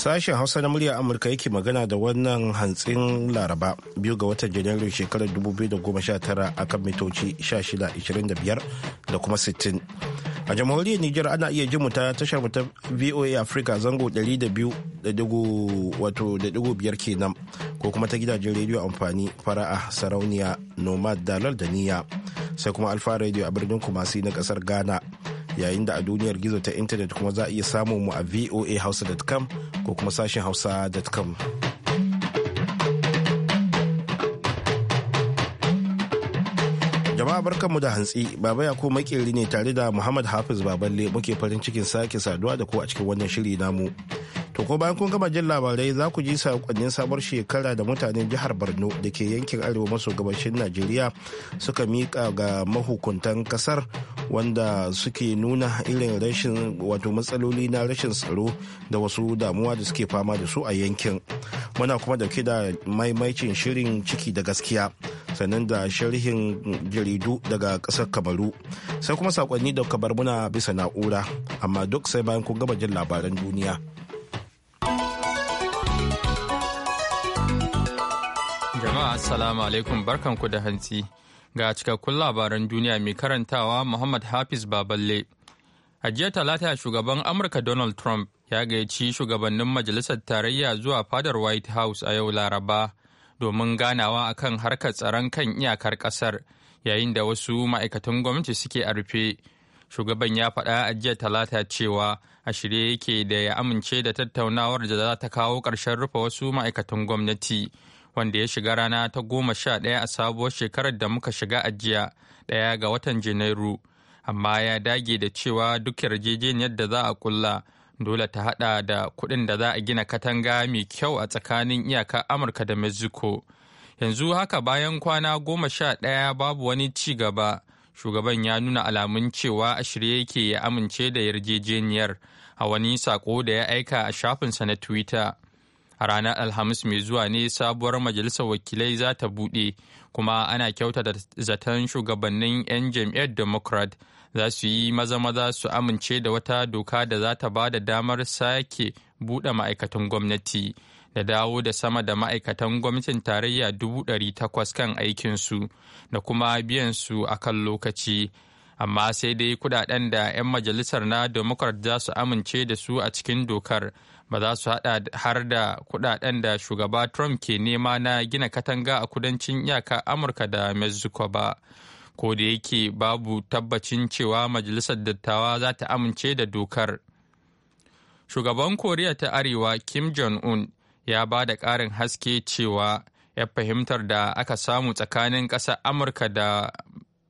Sashen Hausa na murya Amurka yake magana da wannan hantsin Laraba biyu ga watan Janairu shekarar 2019 kan mitoci 1625 da kuma 60. A jamhuriyar Nijar ana iya jin ta tashar ta VOA Africa zango 200.5 kenan ko kuma ta gidajen rediyo amfani fara a sarauniya nomad dalar da niyya sai kuma alfa radio a birnin kumasi na kasar Ghana. yayin da a duniyar gizo ta intanet kuma za a iya samun mu a voahausa.com ko kuma sashen hausa.com. jama'a mu da hantsi baba ya ko makeri ne tare da muhammad hafiz baballe muke farin cikin sake saduwa da ku a cikin wannan shiri namu To ko bayan kun gama jin labarai za ku ji sakonnin sabuwar shekara da mutanen jihar Borno da ke yankin arewa maso gabashin Najeriya suka mika ga mahukuntan kasar wanda suke nuna irin rashin wato matsaloli na rashin tsaro da wasu damuwa da suke fama da su a yankin. Muna kuma da ke da maimaicin shirin ciki da gaskiya sannan da sharhin jaridu daga ƙasar Kamaru sai kuma sakonni da kabar muna bisa na'ura amma duk sai bayan kun gama jin labaran duniya. Assalamu alaikum ku da hantsi ga cikakkun labaran duniya mai karantawa Muhammad Hafiz Baballe. A jiya talata shugaban Amurka Donald Trump ya gayyaci shugabannin majalisar tarayya zuwa fadar White House a yau Laraba domin ganawa akan harkar tsaron kan iyakar kasar yayin da wasu ma'aikatan gwamnati suke a rufe. Shugaban ya faɗa a jiya talata cewa a shirye yake da ya amince da tattaunawar da za ta kawo ƙarshen rufe wasu ma'aikatan gwamnati. wanda ya shiga rana ta goma sha ɗaya a sabuwar shekarar da muka shiga a jiya ɗaya ga watan janairu amma ya dage da cewa duk yarjejeniyar da za a kulla dole ta hada da kuɗin da za a gina katanga mai kyau a tsakanin iyaka amurka da mexico yanzu haka bayan kwana goma sha ɗaya babu wani ci gaba shugaban ya nuna alamun cewa a shirye yake ya amince da yarjejeniyar a wani sako da ya aika a shafinsa na twitter a ranar alhamis mai zuwa ne sabuwar majalisar wakilai za ta bude kuma ana kyauta da zaton shugabannin 'yan jam'iyyar democrat za su yi maza-maza su amince da wata doka da za ta ba da damar sake buɗe ma'aikatan gwamnati da dawo da sama da ma'aikatan gwamnatin tarayya 800 kan aikinsu da kuma biyan su a kan lokaci amma sai dai kudaden da 'yan majalisar na democrat za su amince da su a cikin dokar ba za su hada har da kudaden da shugaba trump ke nema na gina katanga a kudancin iyaka amurka da mexico ba ko da yake babu tabbacin cewa majalisar dattawa za ta amince da dokar shugaban koriya ta arewa kim jong-un ya ba da ƙarin haske cewa ya fahimtar da aka samu tsakanin ƙasar amurka da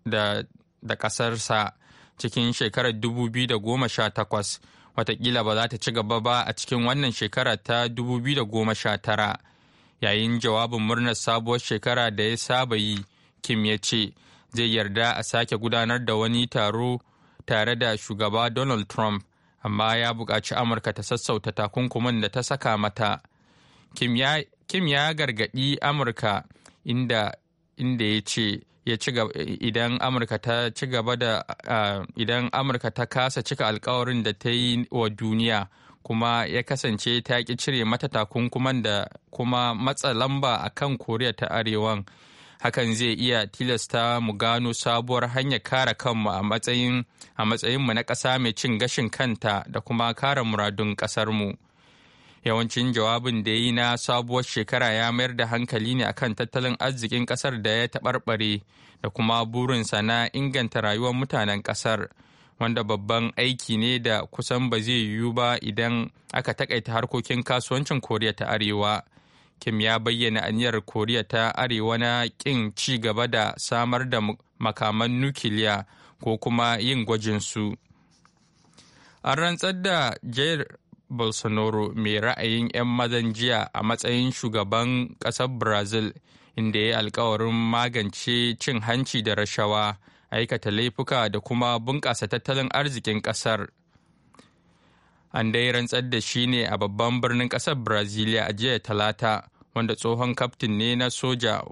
da da kasarsa cikin shekarar 2018 watakila ba za ta ci gaba ba a cikin wannan shekara ta 2019 yayin jawabin murnar sabuwar shekara da ya saba yi kim ya ce zai yarda a sake gudanar da wani taro tare da shugaba donald trump amma ya buƙaci amurka ta sassauta takunkumin da ta saka mata kim ya gargaɗi amurka inda ya ce ya ci idan amurka ta ci gaba da idan amurka ta kasa cika alkawarin da ta yi wa duniya kuma ya kasance ta ki cire mata takunkuman da kuma matsa lamba a kan koriya ta arewan hakan zai iya tilasta mu gano sabuwar hanyar kare kanmu a matsayin a matsayinmu na ƙasa mai cin gashin kanta da kuma kare muradun ƙasarmu. mu yawancin jawabin da yi na sabuwar shekara ya mayar da hankali ne akan tattalin arzikin kasar da ya taɓarɓare da kuma burinsa na inganta rayuwar mutanen kasar wanda babban aiki ne da kusan ba zai yiwu ba idan aka takaita harkokin kasuwancin koriya ta arewa kim ya bayyana aniyar koriya ta arewa na ƙin ci gaba da samar da makaman nukiliya ko kuma yin gwajin su an rantsar da bolsonaro mai ra'ayin 'yan mazan jiya a matsayin shugaban ƙasar brazil inda ya yi alkawarin magance cin hanci da rashawa aikata laifuka da kuma bunƙasa tattalin arzikin ƙasar an dai rantsar da shi ne a babban birnin ƙasar brazilia a jiya talata wanda tsohon kaftin ne na soja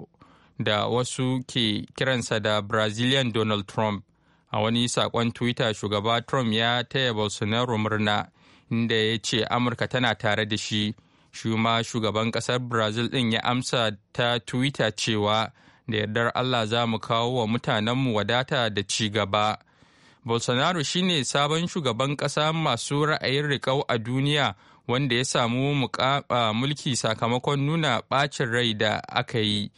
da wasu ke kiransa da brazilian donald trump a wani saƙon twitter shugaba trump ya taya bolsonaro murna inda ya ce amurka tana tare da shi shuma shugaban kasar brazil din ya amsa ta twitter cewa da yardar allah za mu kawo wa mutanenmu wadata da ci gaba bolsonaro shine sabon shugaban kasa masu ra'ayin riƙau a duniya wanda ya samu mulki sakamakon nuna ɓacin rai da aka yi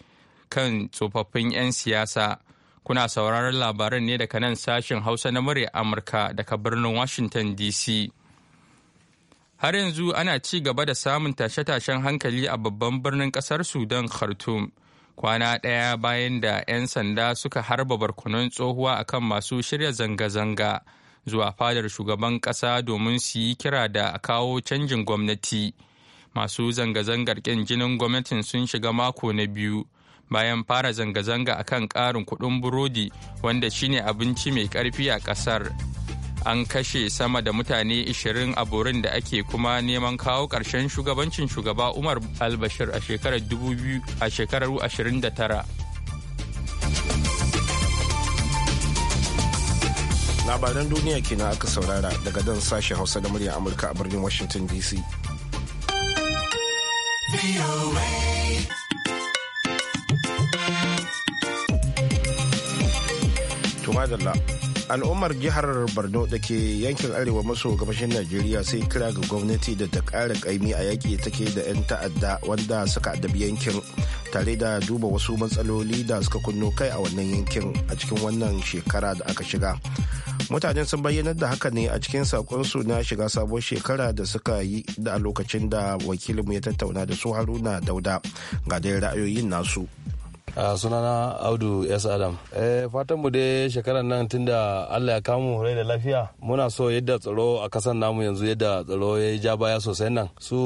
kan tsofaffin 'yan siyasa kuna sauraron labaran ne daga nan sashen hausa na murya amurka daga birnin washington dc har yanzu ana ci gaba da samun tashe-tashen hankali a babban birnin kasar sudan khartoum kwana ɗaya bayan da 'yan sanda suka harba barkunan tsohuwa akan masu shirya zanga-zanga zuwa fadar shugaban ƙasa domin su yi kira da a kawo canjin gwamnati masu zanga-zangar ƙin jinin gwamnatin sun shiga mako na biyu bayan fara zanga-zanga akan ƙarin kuɗin burodi wanda shine abinci mai ƙarfi a ƙasar an kashe sama da mutane 20 a borin da ake kuma neman kawo ƙarshen shugabancin shugaba umar albashir a shekarar a shekarar 29 labaran duniya kenan aka saurara daga dan sashen hausa da murya amurka a birnin washington dc tumadalla al'ummar jihar borno da ke yankin arewa maso gabashin najeriya sai kira ga gwamnati da ta kara kaimi a yaƙi take da 'yan ta'adda wanda suka adabi yankin tare da duba wasu matsaloli da suka kunno kai a wannan yankin a cikin wannan shekara da aka shiga mutanen sun bayyanar da haka ne a cikin sakonsu na shiga sabon shekara da suka yi da a lokacin da wakilinmu ya tattauna da su haruna dauda ga dai ra'ayoyin nasu a sunana Audu S. Adam. Eh, fatanmu dai shekarar nan tunda Allah ya kamu rai da lafiya muna so yadda tsaro a kasan namu yanzu yadda tsaro ya yi ja baya sosai nan su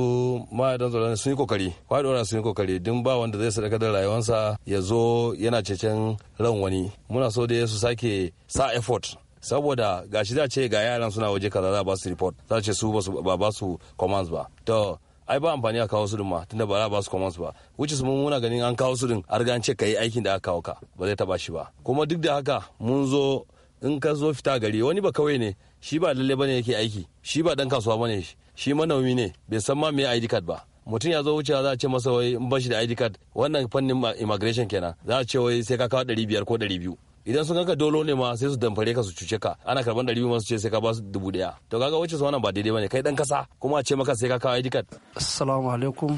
ma'aikatan tsaro sun yi kokari faɗuwar sun yi kokari dun ba wanda zai sadaka da rayuwarsa ya zo yana cecen ran wani muna so dai su sake sa effort saboda gashi za ce ga yaran suna waje kaza za ba su report za ce su ba su commands ba to ai ba amfani a kawo su din ma tunda ba za a ba su commons ba which is mun muna ganin an kawo su din a riga ce ka yi aikin da aka kawo ka ba zai taba shi ba kuma duk da haka mun zo in ka zo fita gari wani ba kawai ne shi ba lalle bane yake aiki shi ba dan kasuwa bane shi shi manomi ne bai san ma me ID card ba mutum ya zo wucewa za a ce masa wai in bashi da ID card wannan fannin immigration kenan za a ce wai sai ka kawo 500 ko 200 idan sun ganka dolo ne ma sai su damfare ka su cuce ka ana karban ɗari biyu su ce sai ka ba su dubu ɗaya to kaga wacce su wannan ba daidai bane kai dan kasa kuma a ce maka sai ka kawo ID card assalamu alaikum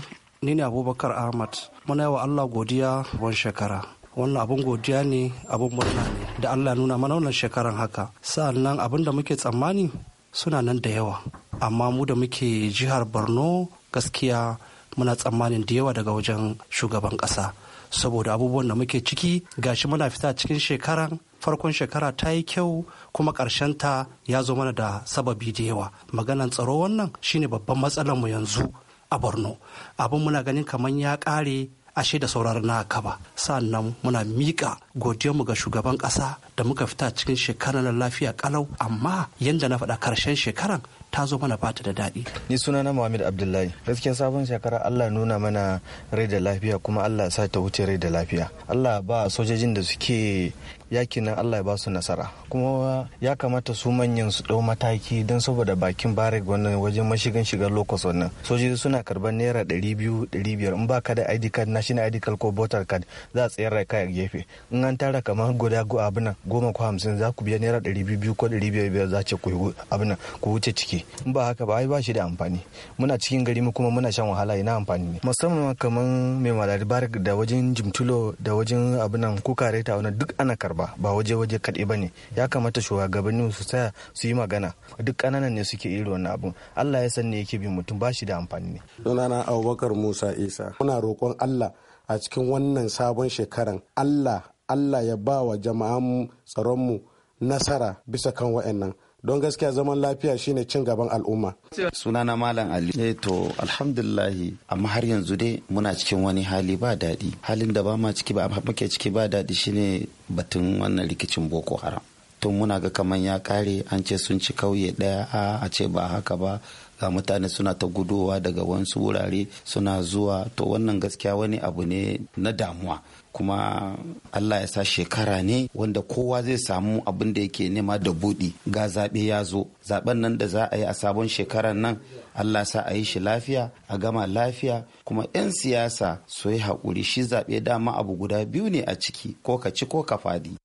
ni ne abubakar ahmad muna yawa allah godiya wan shekara wannan abun godiya ne abun murna ne da allah nuna mana wannan shekaran haka sa'an nan abin da muke tsammani suna nan da yawa amma mu da muke jihar borno gaskiya muna tsammanin da yawa daga wajen shugaban ƙasa saboda abubuwan da muke ciki gashi muna fita cikin shekaran farkon shekara ta yi kyau kuma ta ya zo mana da sababi da yawa maganan tsaro wannan shine babban matsalar mu yanzu a borno abin muna ganin kamar ya ƙare ashe da sauraron na haka ba sannan muna miƙa godiyarmu ga shugaban ƙasa da muka fita cikin shekarar lafiya kalau amma yadda na faɗa karshen shekaran ta zo mana bata da daɗi. Ni suna na Muhammad Abdullahi. Gaskiya sabon shekara Allah nuna mana rai da lafiya kuma Allah sa ta wuce rai da lafiya. Allah ba sojojin da suke yaki nan Allah ya ba su nasara kuma ya kamata su manyan su ɗau mataki don saboda bakin barik wannan wajen mashigan shigar lokos wannan soji suna karban naira 200 biyu biyar in ba ka da id card national id card ko voter card za a tsayar ka kai a gefe in an tara kamar guda go abuna goma ko hamsin za ku biya naira 200 biyu ko 500 za ce ku abuna ku wuce ciki in ba haka ba ai ba shi da amfani muna cikin gari mu kuma muna shan wahala ina amfani ne musamman kamar mai malari bare da wajen jimtulo da wajen abunan nan kare ta wannan duk ana karba ba ba waje-waje kaɗai ba ne ya kamata shugabannin su tsaya su yi magana duk ƙananan ne suke iri wannan abun allah ya san ne yake bi mutum ba shi da amfani ne sunana abubakar musa isa muna roƙon allah a cikin wannan sabon shekaran allah allah ya ba wa jama'an tsaronmu nasara bisa kan wa'annan don gaskiya zaman lafiya shine cin gaban al'umma sunana malam ali eh to alhamdulillahi amma har yanzu dai muna cikin wani hali ba daɗi halin da ba ma ciki ba muke ciki ba daɗi shine batun wannan rikicin boko haram tun muna ga kaman ya kare an ce sun ci kauye ɗaya a a ce ba haka ba ga mutane suna ta gudowa daga wasu wurare suna zuwa to wannan gaskiya wani abu ne na damuwa kuma Allah ya sa shekara ne wanda kowa zai samu abin da yake nema da buɗi ga zaɓe ya zo zaɓen nan da za a yi a sabon shekarar nan Allah sa a yi shi lafiya a gama lafiya kuma 'yan siyasa su yi haƙuri shi zaɓe dama abu guda biyu ne a ciki ko ka ci ko ka faɗi.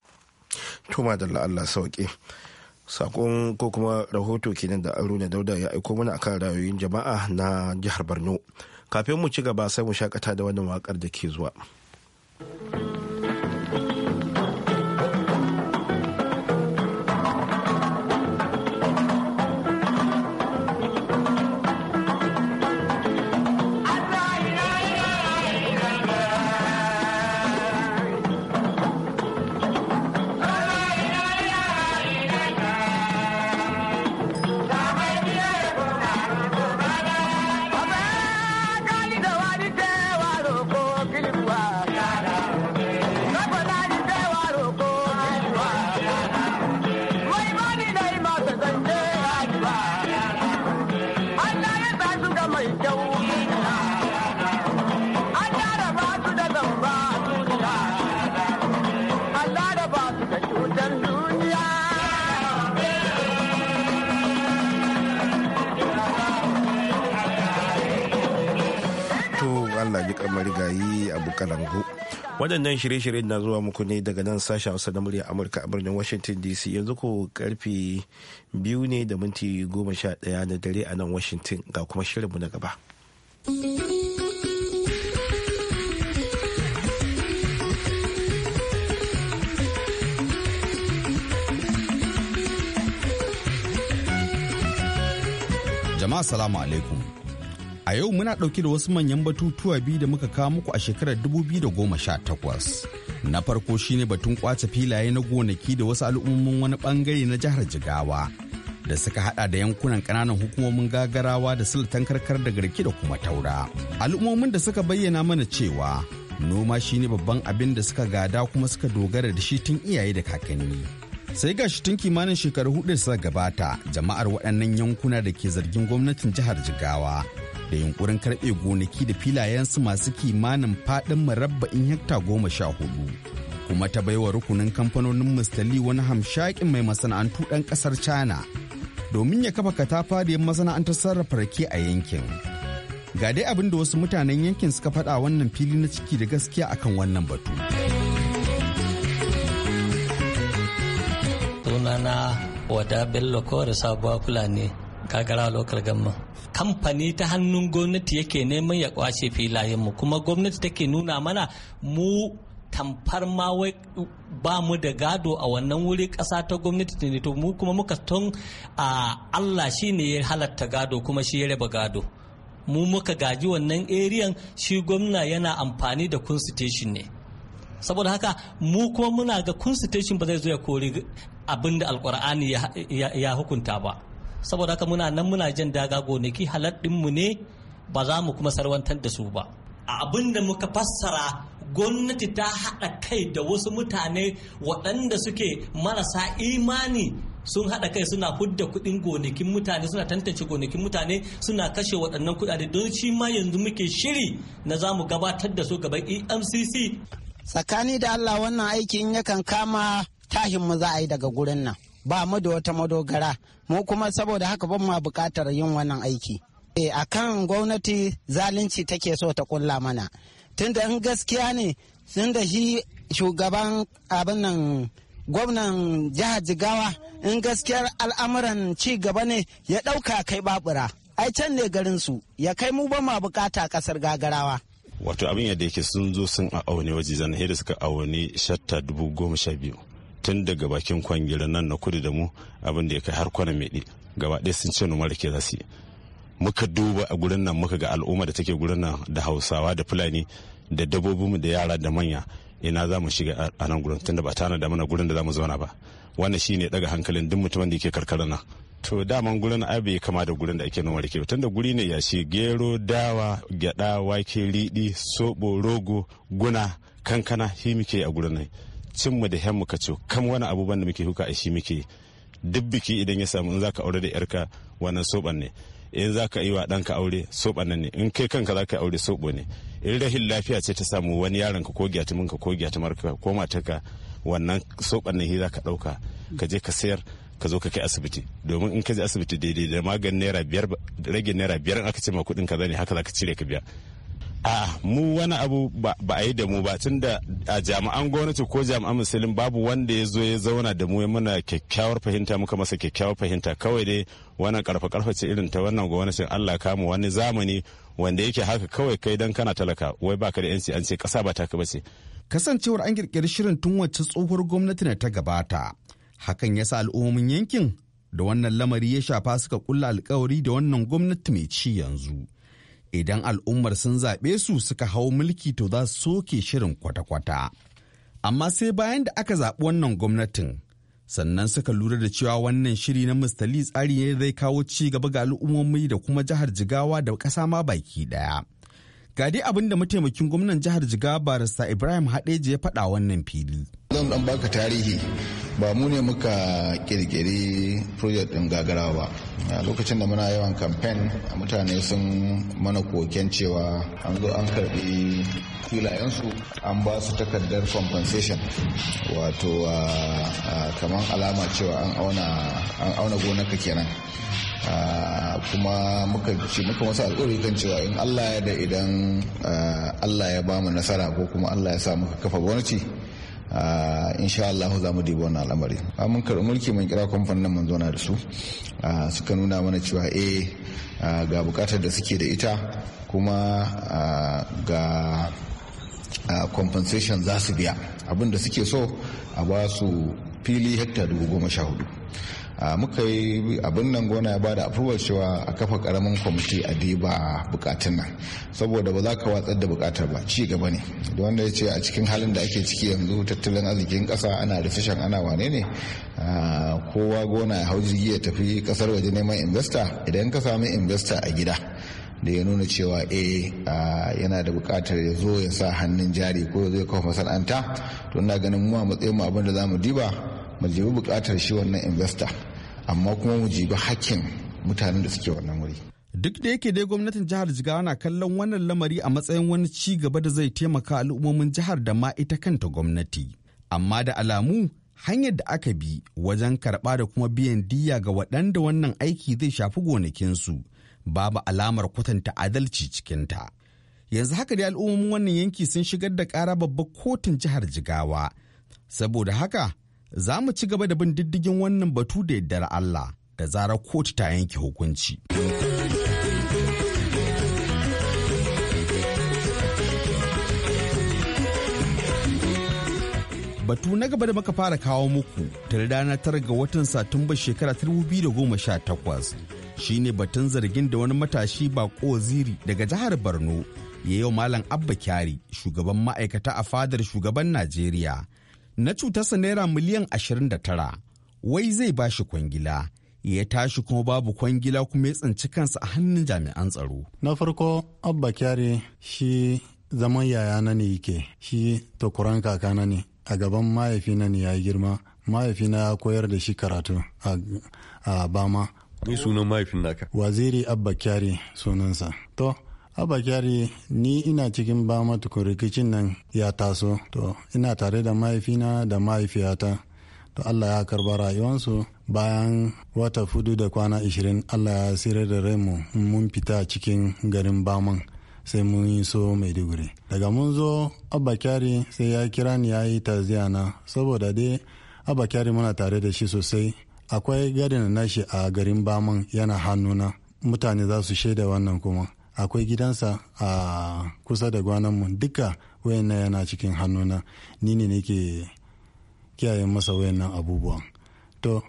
Tuma da Allah sauƙi. sakon ko kuma rahoto kenan da aruna dauda ya aiko mana akan rayoyin jama'a na jihar borno kafin mu ci gaba sai mu shakata da wannan wakar da ke zuwa. ji gayi abu kalangu waɗannan shirye shiryen na zuwa muku ne daga nan sashen hausa na murya amurka a birnin washington dc yanzu ko karfe biyu ne da minti goma sha ɗaya na dare a nan washington ga kuma shirinmu na gaba jama'a salamu alaikum A yau muna ɗauke da wasu manyan batutuwa biyu da muka kawo muku a shekarar 2018. Na farko shine batun kwace filaye na gonaki da wasu al'ummomin wani bangare na jihar Jigawa da suka hada da yankunan kananan hukumomin gagarawa da sultan karkar da garki da kuma taura. Al'ummomin da suka bayyana mana cewa noma shine babban abin da suka gada kuma suka dogara da shi tun iyaye da kakanni. sai ga tun kimanin shekaru hudu da suka gabata jama'ar waɗannan yankuna da ke zargin gwamnatin jihar jigawa da yunkurin karbe gonaki da filayen su masu kimanin faɗin marabba'in hekta goma sha hudu kuma ta baiwa rukunin kamfanonin mustali wani hamshakin mai masana'antu ɗan ƙasar china domin ya kafa katafariyar masana'antar sarrafa rake a yankin ga dai abin da wasu mutanen yankin suka faɗa wannan fili na ciki da gaskiya akan wannan batu sunana wada bello kore sabuwa fulani gagara lokal gamma kamfani ta hannun gwamnati yake neman ya kwace filayenmu kuma gwamnati take nuna mana mu tamfar ma wai ba mu da gado a wannan wuri kasa ta gwamnati ne to mu kuma muka tun a Allah shi ne ya halatta gado kuma shi ya raba gado mu muka gaji wannan eriyan shi gwamna yana amfani da constitution ne saboda haka mu kuma muna ga constitution ba zai zo ya kori abinda da alkur'ani ya hukunta ba saboda haka muna nan muna jan daga gonaki mu ne ba za mu kuma sarwantar da su ba abin da muka fassara gwamnati ta haɗa kai da wasu mutane waɗanda suke marasa imani sun haɗa kai suna fudda kuɗin gonakin mutane suna tantance gonakin mutane suna kashe waɗannan kuɗaɗe don shi ma yanzu muke shiri na za mu gabatar da su gaban emcc tsakani da allah wannan aikin yakan kama tashin mu za a yi daga gurin nan ba mu da wata madogara mu kuma saboda haka ban ma bukatar yin wannan aiki e a kan gwamnati zalunci take so ta kulla mana tunda in gaskiya ne da shi shugaban abin nan gwamnan jihar jigawa in gaskiyar al'amuran ci gaba ne ya ɗauka kai babura ai can ne garinsu ya kai mu ba ma bukata kasar gagarawa wato abin yadda yake sun zo sun a auni waje zan da suka auni shatta dubu goma sha biyu tun daga bakin kwangila nan na kudu da mu abin da ya kai har kwana ɗi gaba ɗaya sun ce numar ke za su yi muka duba a gurin nan muka ga al'umma da take gurin nan da hausawa da fulani da dabbobinmu da yara da manya ina za mu shiga a nan gurin tunda ba tana da mana gurin da za mu zauna ba wannan shi ne daga hankalin duk mutumin da ke karkara nan to daman gurin ai bai kama da gurin da ake ke rake tunda guri ne yashi gero dawa gyada wake riɗi soɓo rogo guna kankana shi muke a gurin nan cimma da hemu ka ce kam wani abubuwan da muke huka a shi muke duk biki idan ya samu in za ka aure da yarka wannan soban ne in za ka yi wa ɗanka aure soban nan ne in kai kanka za ka aure soɓo ne in rahin lafiya ce ta samu wani yaron ka ko ta ko gyatumarka ko matarka wannan soban nan za ka ɗauka ka je ka sayar ka zo ka kai asibiti domin in ka je asibiti daidai da maganin naira biyar rage naira biyar aka ce ma kuɗin ka ne haka za ka cire ka biya a mu wani abu ba a yi da mu ba tun da a jami'an gwamnati ko jami'an musulun babu wanda ya zo ya zauna da mu ya muna kyakkyawar fahimta muka masa kyakkyawar fahimta kawai dai wannan karfa karfa ce irin ta wannan gwamnatin Allah kama wani zamani wanda yake haka kawai kai dan kana talaka wai baka da yanci an ce kasa ba taka bace kasancewar an kirkiri shirin tun wacce tsohuwar gwamnati ne ta gabata hakan yasa al'ummomin yankin da wannan lamari ya shafa suka kulla alkawari da wannan gwamnati mai ci yanzu idan al'ummar sun zaɓe su suka hau mulki to za su soke shirin kwata-kwata. Amma sai bayan da aka zaɓi wannan gwamnatin, sannan suka lura da cewa wannan shiri na Mustali tsari ne zai kawo ci gaba ga al'ummomi da kuma jihar Jigawa da ƙasa ma baki ɗaya. Ga dai abin da mataimakin gwamnan jihar Jigawa barista Ibrahim Haɗeji ya faɗa wannan fili. Zan ɗan baka tarihi ba mu ne muka kirkiri project din gagara ba a lokacin da muna yawan campaign mutane sun mana koken cewa an zo an karbi filayensu an ba su takardar compensation wato kamar alama cewa an auna gonaka kenan kuma muka ce muka wasu alƙawari kan cewa in Allah ya da idan Allah ya ba mu nasara ko kuma Allah ya sa muka kafa gwamnati Ah, insha Allah za mu diba wannan al'amari ah, mun karɓi mulki mun kira kamfanin mun zauna da su ah, suka nuna mana cewa eh ga bukatar da suke da ita kuma ga compensation za su biya abin da suke so a ba su fili hekta dubu goma sha hudu muka yi abin nan gona ya bada approval cewa a kafa karamin kwamiti a diba bukatun nan saboda ba za ka watsar da bukatar ba ci gaba ne da wanda ya ce a cikin halin da ake ciki yanzu tattalin arzikin kasa ana rufishan ana wane ne kowa gona ya hau jirgi ya tafi kasar waje neman investor idan ka sami investor a gida da ya nuna cewa eh yana da bukatar ya zo ya sa hannun jari ko zai kafa masana'anta to ina ganin mu a matsayin mu abin da za mu diba mu jibi bukatar shi wannan investor amma kuma mu jibi hakkin mutanen da suke wannan wuri duk da yake dai gwamnatin jihar jigawa na kallon wannan lamari a matsayin wani ci gaba da zai taimaka al'ummomin jihar da ma ita kanta gwamnati amma da alamu hanyar da aka bi wajen karɓa da kuma biyan diya ga waɗanda wannan aiki zai shafi gonakinsu babu alamar kwatanta adalci cikinta yanzu haka dai al'ummomin wannan yanki sun shigar da ƙara babbar kotun jihar jigawa saboda haka Za mu ci gaba da bin diddigin wannan batu da yaddar Allah da zarar kotu ta yanke hukunci. batu na gaba da muka fara kawo muku tare ranar tara ga watan satumba shekara 2018 shine batun zargin da wani matashi bako ziri daga jihar borno ya yi wa malam abba kyari shugaban ma'aikata a fadar shugaban najeriya na cutarsa naira miliyan 29 wai zai ba shi kwangila ya tashi kuma babu kwangila kuma ya tsinci kansa a hannun jami'an tsaro. Na farko Abba Kyare shi zaman yaya na ne yake shi takuran na ne a gaban mahaifina ne ya girma mahaifina ya koyar da shi karatu a bama. Ni sunan mahaifin naka. Waziri Abba Kyare sunansa. To, abba kyari ni ina cikin ba matukun rikicin nan ya taso to ina tare da mahaifina da mahaifiyata to allah ya karba rayuwansu bayan wata fudu da kwana 20 allah ya sirar da raimu mun fita cikin garin baman sai mun yi so maiduguri daga mun zo abba kyari sai ya kira ni ya yi taziya na saboda dai abba kyari muna tare da shi sosai akwai gadin nashi a garin baman yana hannuna mutane za su shaida wannan kuma akwai gidansa a kusa da gwananmu duka wayannan yana cikin hannuna ni ne nake kiyaye masa wayannan abubuwan to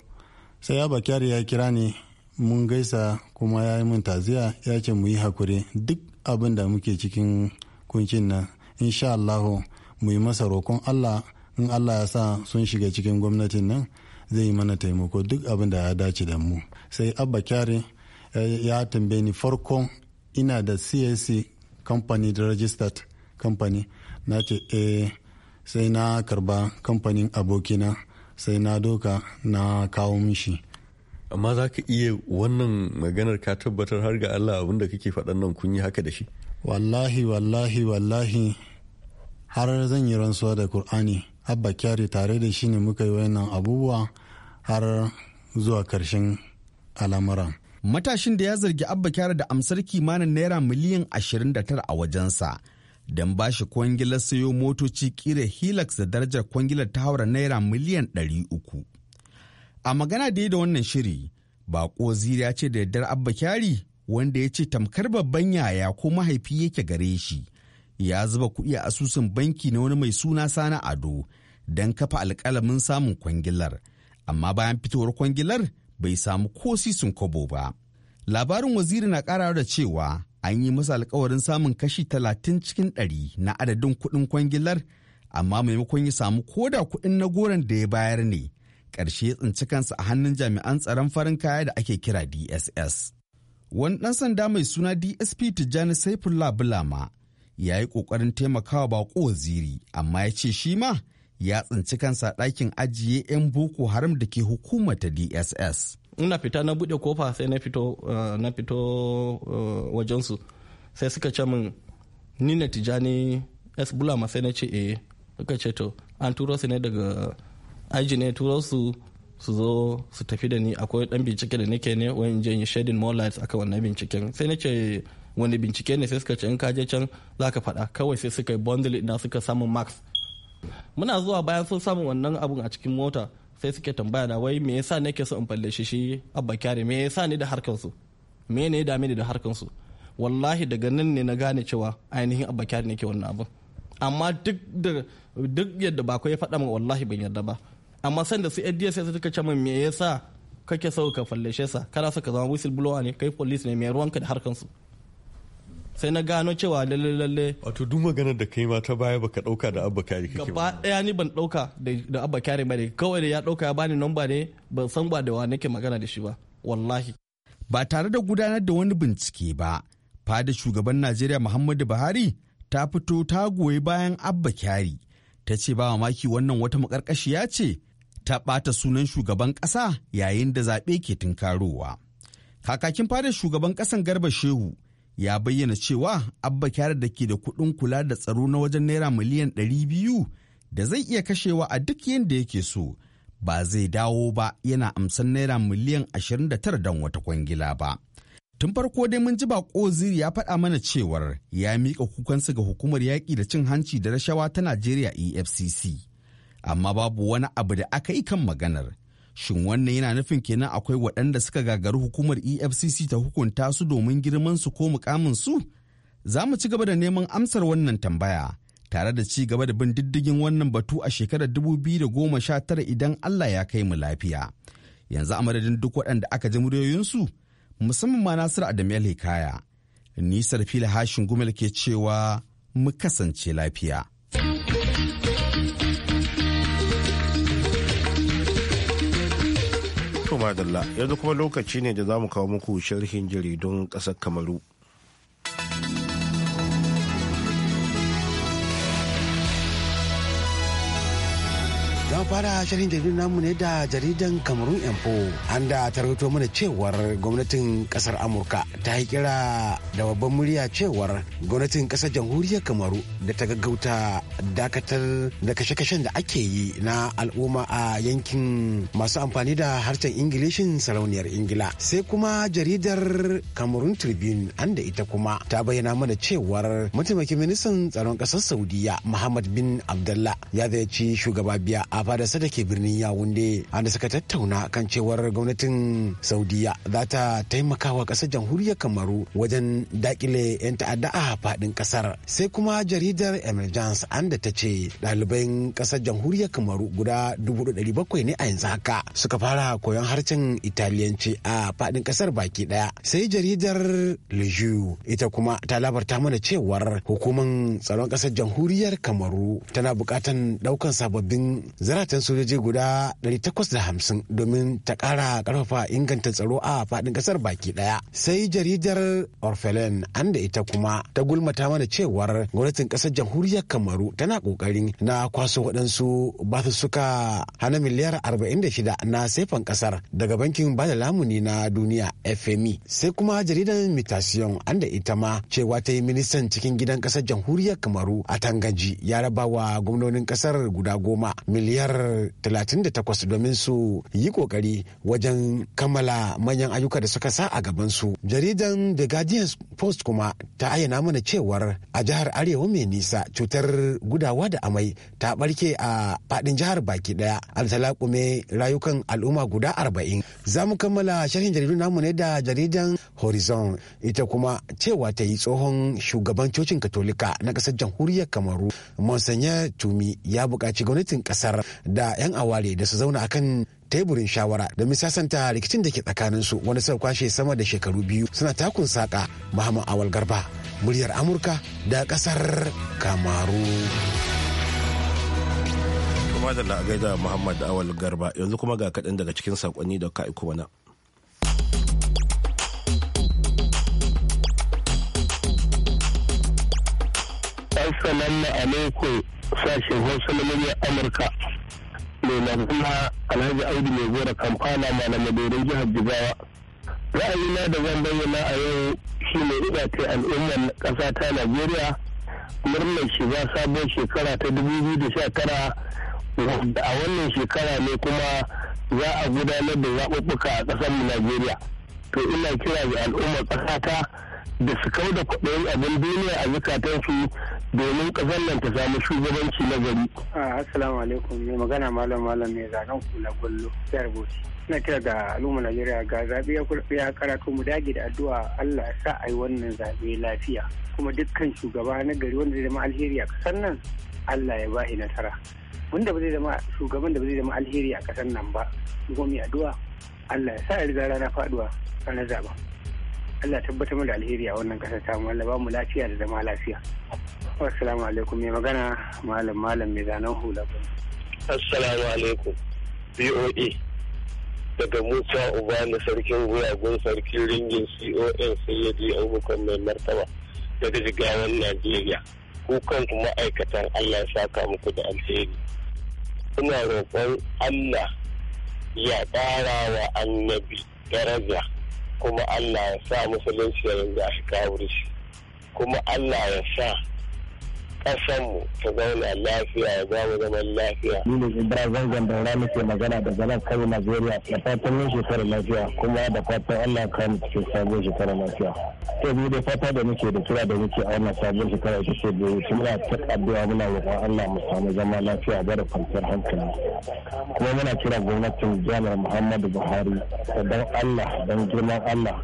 sai ya ya kira ni mun gaisa kuma ya yi min taziya ya ce mu yi hakuri duk abin da muke cikin kuncin nan insha allahu mu yi masa roƙon allah in allah ya sa sun shiga cikin gwamnatin nan zai yi mana taimako duk abin da ya dace da mu sai abba kyari eh, ya tambaye ni farkon ina da csc company da registered company na ce eh sai na karba kamfanin abokina sai na doka na kawo mishi amma za ka iya wannan maganar ka tabbatar har ga allah abinda kake faɗan nan kun yi haka da shi wallahi wallahi wallahi har zan yi rantsuwa da kur'ani abba kyari tare da shi ne muka yi wannan abubuwa har zuwa karshen al'amuran matashin da ya zargi abba kyara da amsar kimanin naira miliyan 29 a wajensa don ba shi kwangilar sayo motoci kira hilux da darajar kwangilar ta haura naira miliyan 300 a magana da da wannan shiri bako ziriya ce da yardar abba kyari wanda ya ce tamkar babban yaya ko mahaifi yake gare shi ya zuba kuɗi a asusun banki na wani mai suna sana ado don kafa alƙalamin samun kwangilar amma bayan fitowar kwangilar bai samu ko sisin kobo ba. Labarin waziri na ƙara da cewa an yi masa alkawarin samun kashi talatin cikin ɗari na adadin kuɗin kwangilar amma maimakon ya samu koda kuɗin na goron da ya bayar ne ƙarshe ya tsinci kansa a hannun jami'an tsaron farin kaya da ake kira dss wani ɗan sanda mai suna dsp tijjani saifullah bulama ya yi ƙoƙarin taimakawa baƙo waziri amma ya ce shi ma ya tsinci kansa ɗakin ajiye 'yan boko haram da ke hukumar ta dss ina fita na buɗe kofa sai na fito eh, na fito eh, wajensu sai suka ce min ni na tijani s bulama sai na ce eh suka ce to an turo su ne daga aji ne turo su su zo su tafi da ni akwai dan bincike da nake ne wani je in shedding more lights aka wannan binciken sai na ce wani bincike ne sai suka ce in ka je can za ka faɗa kawai sai suka yi bundle ina suka samu marks muna zuwa bayan sun samu wannan abun a cikin mota sai suke tambaya na wai me yasa nake so in fallashe shi abba kyare me yasa ni da harkan su me ne dame da harkan su wallahi daga nan ne na gane cewa ainihin abba kyare nake wannan abun amma duk da duk yadda ba ya faɗa min wallahi ban yarda ba amma san da su ADS sai suka ce min me yasa kake so ka fallashe sa kana so ka zama whistleblower ne kai police ne me ruwanka da harkan su sai na gano cewa lalle lalle wato duk maganar da kai ma ta baya baka dauka da abba kyari kake gaba daya ni ban dauka da abba kyari bane kawai da ya dauka ya bani namba ne ban san ba da wa nake magana da shi ba wallahi ba tare da gudanar da wani bincike ba fada shugaban najeriya muhammadu buhari ta fito ta goyi bayan abba kyari ta ce ba mamaki wannan wata makarkashiya ce ta bata sunan shugaban kasa yayin da zaɓe ke tunkarowa kakakin fadar shugaban ƙasan garba shehu ya bayyana cewa abba kyara da ke da kuɗin kula da tsaro na wajen naira miliyan 200 da zai iya kashewa a duk yadda yake so ba zai dawo ba yana amsan naira miliyan 29 don wata kwangila ba tun farko dai mun ji bako ziri ya faɗa mana cewar ya mika kukansa ga hukumar yaƙi da cin hanci da rashawa ta najeriya efcc amma babu wani abu da aka yi kan maganar Shin wannan yana nufin kenan akwai waɗanda suka gagari hukumar EFCC ta hukunta su domin girman su ko mukamin su? Za mu ci gaba da neman amsar wannan tambaya tare da ci gaba da bin diddigin wannan batu a shekarar dubu biyu da goma sha tara idan Allah ya kai mu lafiya. Yanzu a madadin duk waɗanda aka ji muryoyinsu musamman ma Nasiru Adam Hikaya. Nisar fili hashin gumel ke cewa mu kasance lafiya. To madalla yanzu kuma lokaci ne da za mu kawo muku sharhin jaridun ƙasar Kamaru. fara shirin jaridar namu ne da jaridan Cameroon Info. An da ta rahoto mana cewar gwamnatin kasar Amurka ta yi kira da babban murya cewar gwamnatin kasar jamhuriyar Kamaru da ta gaggauta dakatar da kashe-kashen da ake yi na al'umma a yankin masu amfani da harshen Ingilishin sarauniyar Ingila. Sai kuma jaridar kamarun Tribune an da ita kuma ta bayyana mana cewar mataimakin ministan tsaron kasar Saudiya Muhammad bin Abdullah ya zai ci shugaba biya a fadar fadarsa da ke birnin yawunde an da suka tattauna kan cewar gwamnatin saudiya za ta taimaka wa ƙasar jamhuriyar kamaru wajen dakile 'yan ta'adda a faɗin ƙasar sai kuma jaridar emergence an da ta ce ɗaliban ƙasar jamhuriyar kamaru guda 700 ne a yanzu haka suka fara koyon harshen italiyanci a faɗin ƙasar baki ɗaya sai jaridar leju ita kuma ta labarta mana cewar hukumar tsaron ƙasar jamhuriyar kamaru tana buƙatan ɗaukan sababbin zira zaratan sojoji guda 850 domin ta kara karfafa inganta tsaro a fadin kasar baki daya sai jaridar orphelin an da ita kuma ta gulmata mana cewar gwamnatin kasar jamhuriyar kamaru tana kokarin na kwaso waɗansu ba su suka hana miliyar 46 na sefan kasar daga bankin bada lamuni na duniya fme sai kuma jaridar mutation an da ita ma cewa ta yi ministan cikin gidan kasar jamhuriyar kamaru a tangaji ya raba wa gwamnonin kasar guda goma miliyar 38 domin su yi kokari wajen kammala manyan ayyuka da suka sa a gabansu jaridan the guardian post kuma ta ayyana mana cewar a jihar arewa mai nisa cutar gudawa da amai ta barke a fadin jihar baki daya altalakume rayukan al'umma guda 40 za mu kammala sharhin jaridun namu ne da jaridan horizon ita kuma cewa ta yi tsohon shugaban cocin katolika na kasar jamhuriyar kamaru monsanya tumi ya buƙaci gwamnatin kasar da 'yan aware da su zauna akan teburin shawara da sasanta rikicin da ke su wani suka kwashe sama da shekaru biyu suna takun saƙa muhammad awal garba muryar amurka da ƙasar kamaru kuma da gaida muhammad awal garba yanzu kuma ga kaɗan daga cikin saƙonni da ka aiko mana. Assalamu alaikum sashen Hausa na Amurka. Mai magana Alhaji Audu mai gora Kampala malamai Madorin jihar Jigawa. Ra'ayina da zan bayyana a yau shi ne ina kai al'ummar ƙasa ta Najeriya murnar shiga sabon shekara ta 2019 tara a wannan shekara ne kuma za a gudanar da zaɓuɓɓuka a ƙasar Najeriya. To ina kira ga al'ummar ƙasa ta da su kau da kwaɗayin abin duniya a zukatansu domin kasar nan ta samu shugabanci na gari. Assalamu alaikum mai magana malam malam mai zanen kula gwallo jihar Bauchi. Ina kira ga al'umma Najeriya ga zaɓe ya kurɓe ko karatu mu dage da addu'a Allah ya sa a yi wannan zaɓe lafiya. Kuma dukkan shugaba na gari wanda zai zama alheri a kasar nan Allah ya bahi nasara. Wanda ba zai zama shugaban da ba zai zama alheri a kasar nan ba. Kuma mai addu'a Allah ya sa ya riga rana faɗuwa ranar zaɓen. Allah tabbatar da alheri a wannan ƙasar mu Allah ba mu lafiya da zama lafiya. Assalamu alaikum mai magana malam malam mai zanen hula. Assalamu alaikum BOA daga Musa Uba na sarkin guragun sarkin ringin CON sayyadi Abubakar mai martaba daga jigawan Najeriya. kukan kuma ma'aikatan Allah ya saka muku da alheri. Ina roƙon Allah ya ƙara wa annabi daraja kuma Allah ya sa musulunci yanzu a shi kuma Allah ya sa ƙasanmu ta zauna lafiya ya zama zaman lafiya. Ni ne Ibra zangon da rana ke magana da zanen kawai Najeriya da fatan yin shekarar lafiya kuma da fatan Allah ka mu cikin sabon shekarar lafiya. To ni dai fata da muke da kira da muke a wannan sabon shekarar ita ce da yake muna ta addu'a muna roƙon Allah mu samu zama lafiya da da kwanciyar hankali. Kuma muna kira gwamnatin jami'ar Muhammadu Buhari da don Allah don girman Allah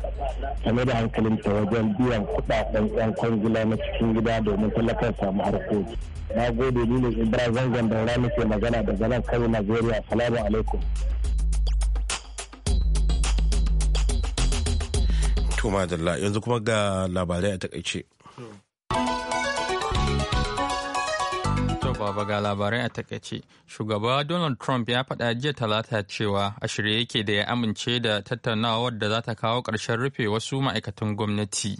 game da hankalinta wajen biyan kuɗaɗen 'yan kwangila na cikin gida domin talakar samu harkoki na gode ni ne ibra zanzan da rani magana daga zanen kai najeriya salamu alaikum to madalla yanzu kuma ga labarai a takaice baba ga labarai a takaice shugaba donald trump ya faɗa jiya talata cewa a shirye yake da ya amince da tattaunawar da za ta kawo ƙarshen rufe wasu ma'aikatan gwamnati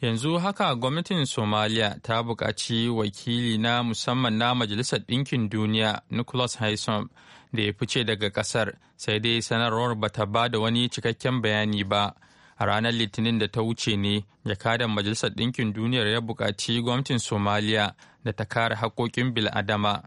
Yanzu haka gwamnatin somalia ta buƙaci wakili na musamman na Majalisar Ɗinkin Duniya Nicholas Haysom da ya fice daga ƙasar sai dai sanarwar bata ba da wani cikakken bayani ba. A ranar Litinin da ta wuce ne, jakadan Majalisar Ɗinkin Duniyar ya buƙaci gwamnatin Somaliya da ta kare haƙoƙin bil'adama.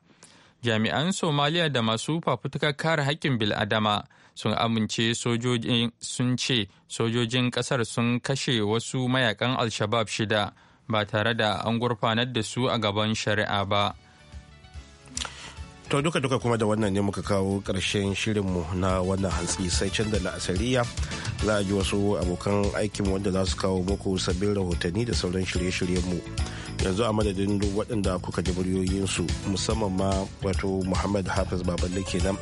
Jami'an Somaliya da masu fafutukar kare haƙƙin bil'adama sun amince sojojin sun ce sojojin kasar sun kashe wasu mayakan al-shabab shida ba tare da an gurfanar da su a gaban shari'a ba. To duka duka kuma da wannan ne muka kawo ƙarshen shirinmu na wannan hantsi sai can da la'asariya za a ji wasu abokan aikin wanda za su kawo muku sabbin rahotanni da sauran shirye-shiryenmu. mu. yanzu a madadin duk waɗanda kuka ji muryoyinsu musamman ma wato muhammad hafiz baballe kenan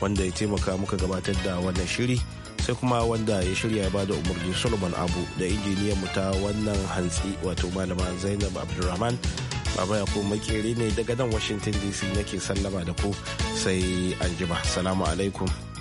wanda ya taimaka muka gabatar da wannan shiri sai kuma wanda ya shirya ba da umarni solomon abu da injiniyan mu ta wannan hantsi wato malama zainab abdulrahman baba ya makere ne daga nan washington dc nake sallama da ku sai anjima salamu alaikum